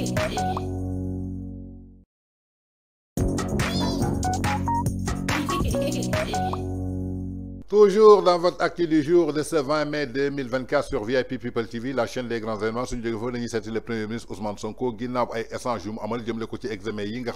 Thank you. toujours dans votre actu du jour de ce 20 mai 2024 sur VIP People TV la chaîne des grands événements nous avons l'initiative du le premier ministre Ousmane Sonko qui et échange à mu amal jëmle examen yi nga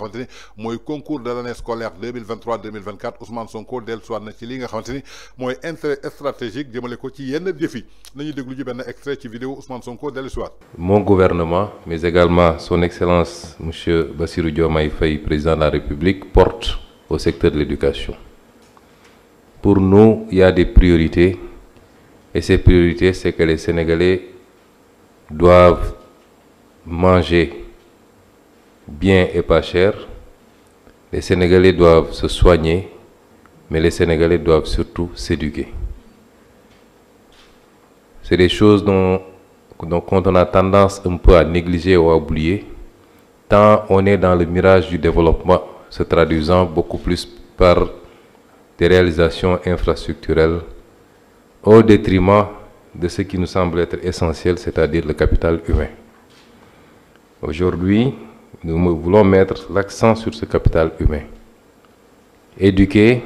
concours de l'année scolaire 2023 2024 Ousmane Sonko le soir, ci li nga de ni intérêt stratégique Il y ci yenn défi Nous avons un extrait de vidéo Ousmane Sonko dès le soir. mon gouvernement mais également son excellence M. Bassirou Diomaye Faye président de la République porte au secteur de l'éducation pour nous, il y a des priorités. Et ces priorités, c'est que les Sénégalais doivent manger bien et pas cher. Les Sénégalais doivent se soigner, mais les Sénégalais doivent surtout s'éduquer. C'est des choses dont, dont on a tendance un peu à négliger ou à oublier, tant on est dans le mirage du développement, se traduisant beaucoup plus par des réalisations infrastructurelles au détriment de ce qui nous semble être essentiel, c'est-à-dire le capital humain. Aujourd'hui, nous voulons mettre l'accent sur ce capital humain. Éduquer,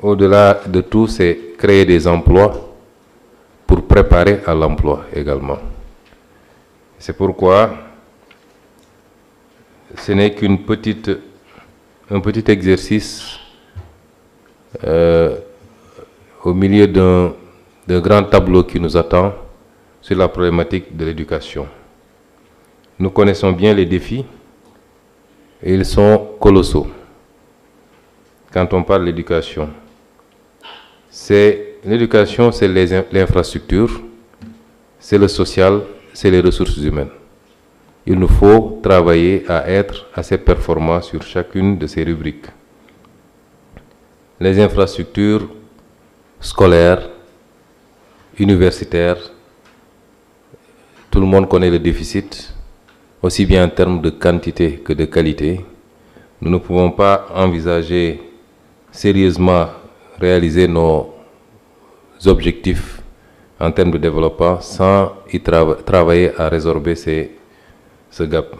au-delà de tout, c'est créer des emplois pour préparer à l'emploi également. C'est pourquoi ce n'est qu'un petit exercice euh, au milieu d'un grand tableau qui nous attend sur la problématique de l'éducation. Nous connaissons bien les défis et ils sont colossaux quand on parle d'éducation. l'éducation, c'est l'infrastructure, c'est le social, c'est les ressources humaines. Il nous faut travailler à être assez performants sur chacune de ces rubriques les infrastructures scolaires, universitaires. Tout le monde connaît le déficit, aussi bien en termes de quantité que de qualité. Nous ne pouvons pas envisager sérieusement réaliser nos objectifs en termes de développement sans y travailler à résorber ces, ce gap.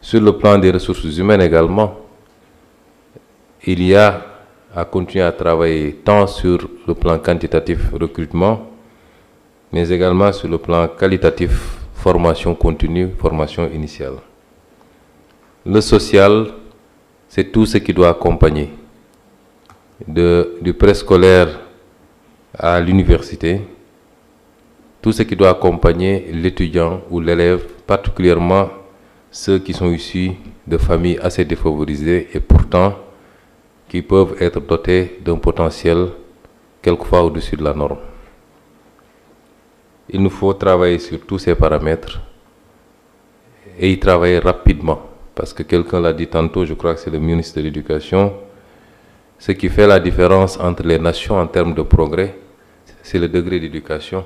Sur le plan des ressources humaines également, il y a à continuer à travailler tant sur le plan quantitatif recrutement, mais également sur le plan qualitatif formation continue, formation initiale. Le social, c'est tout ce qui doit accompagner de, du préscolaire à l'université, tout ce qui doit accompagner l'étudiant ou l'élève, particulièrement ceux qui sont issus de familles assez défavorisées et pourtant qui peuvent être dotés d'un potentiel quelquefois au-dessus de la norme. Il nous faut travailler sur tous ces paramètres et y travailler rapidement. Parce que quelqu'un l'a dit tantôt, je crois que c'est le ministre de l'Éducation, ce qui fait la différence entre les nations en termes de progrès, c'est le degré d'éducation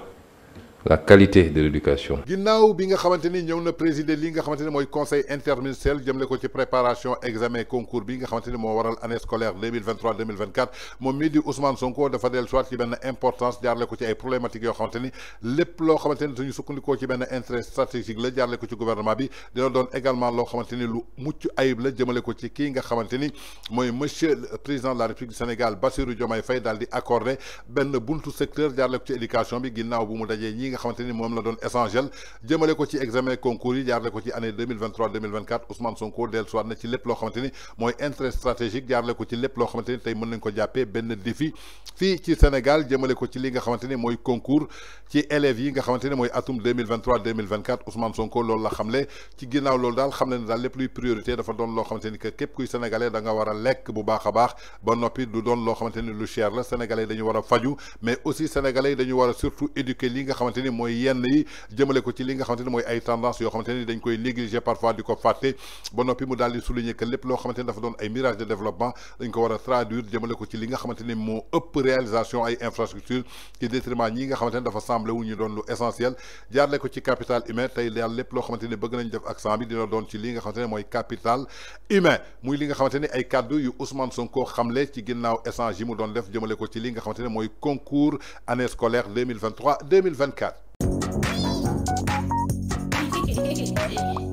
la qualité de l'éducation ginnaaw bi nga xamanteni ñew na présider li nga xamanteni moy conseil interministériel jëmle ko ci préparation examen concours bi nga xamanteni mo waral année scolaire 2023 2024 mom mii Ousmane Sonko dafa del soit ci ben importance jaarle ko ci ay problématiques yo xamanteni lepp lo xamanteni suñu sukkandikoo ci ben intérêt stratégique la jaarle ko ci gouvernement bi dina don également lo xamanteni lu muccu ayib la jëmale ko ci ki nga xamanteni moy monsieur le président de la République du Sénégal Bassirou Diomaye Faye daal di accordé ben buntu secteur jaarle ko ci éducation bi ginnaaw bu mu dajé nga xamante ni la doon essentiel jëmale ko ci examen concours yi jaarle ko ci année 2023 2024 Ousmane Sonko dellusiwaat na ci lepp lo xamanteni moy intérêt stratégique jaarle ko ci lepp lo xamanteni tay mën nañ ko jappé ben défi fii ci Sénégal jëmale ko ci li nga xamanteni moy concours ci élèves yi nga xamanteni moy mooy atum 2023 2024 Ousmane Sonko loolu la xamlé ci ginnaw loolu dal xam dal lepp luy priorité dafa don lo xamanteni que képp kuy sénégalais da nga wara a lekk bu baax baax ba nopi du don lo xamanteni lu cher la sénégalais dañu wara faju mais aussi sénégalais dañu wara surtout éduquer li nga xamanteni xamante ni yenn yi jëmale ko ci li nga ay tendance yoo xamante dañ koy parfois du ko fàtte ba noppi mu daal souligner que les loo xamante ni dafa doon ay mirage de développement dañ ko war traduire jëmale ko ci li nga xamante ni réalisation ay infrastructures qui détermine ñi nga xamante ni dafa semblé wu ñu doon lu essentiel jaarle ko ci capital humain tey daal lépp loo xamante ni bëgg nañ def accent bi dina doon ci li nga xamante capital humain muy li nga et ni ay kaddu yu Ousmane Sonko xamle ci ginnaaw échange yi mu doon def jëmale ko ci li nga xamante concours année scolaire 2023 2024 Wednesday.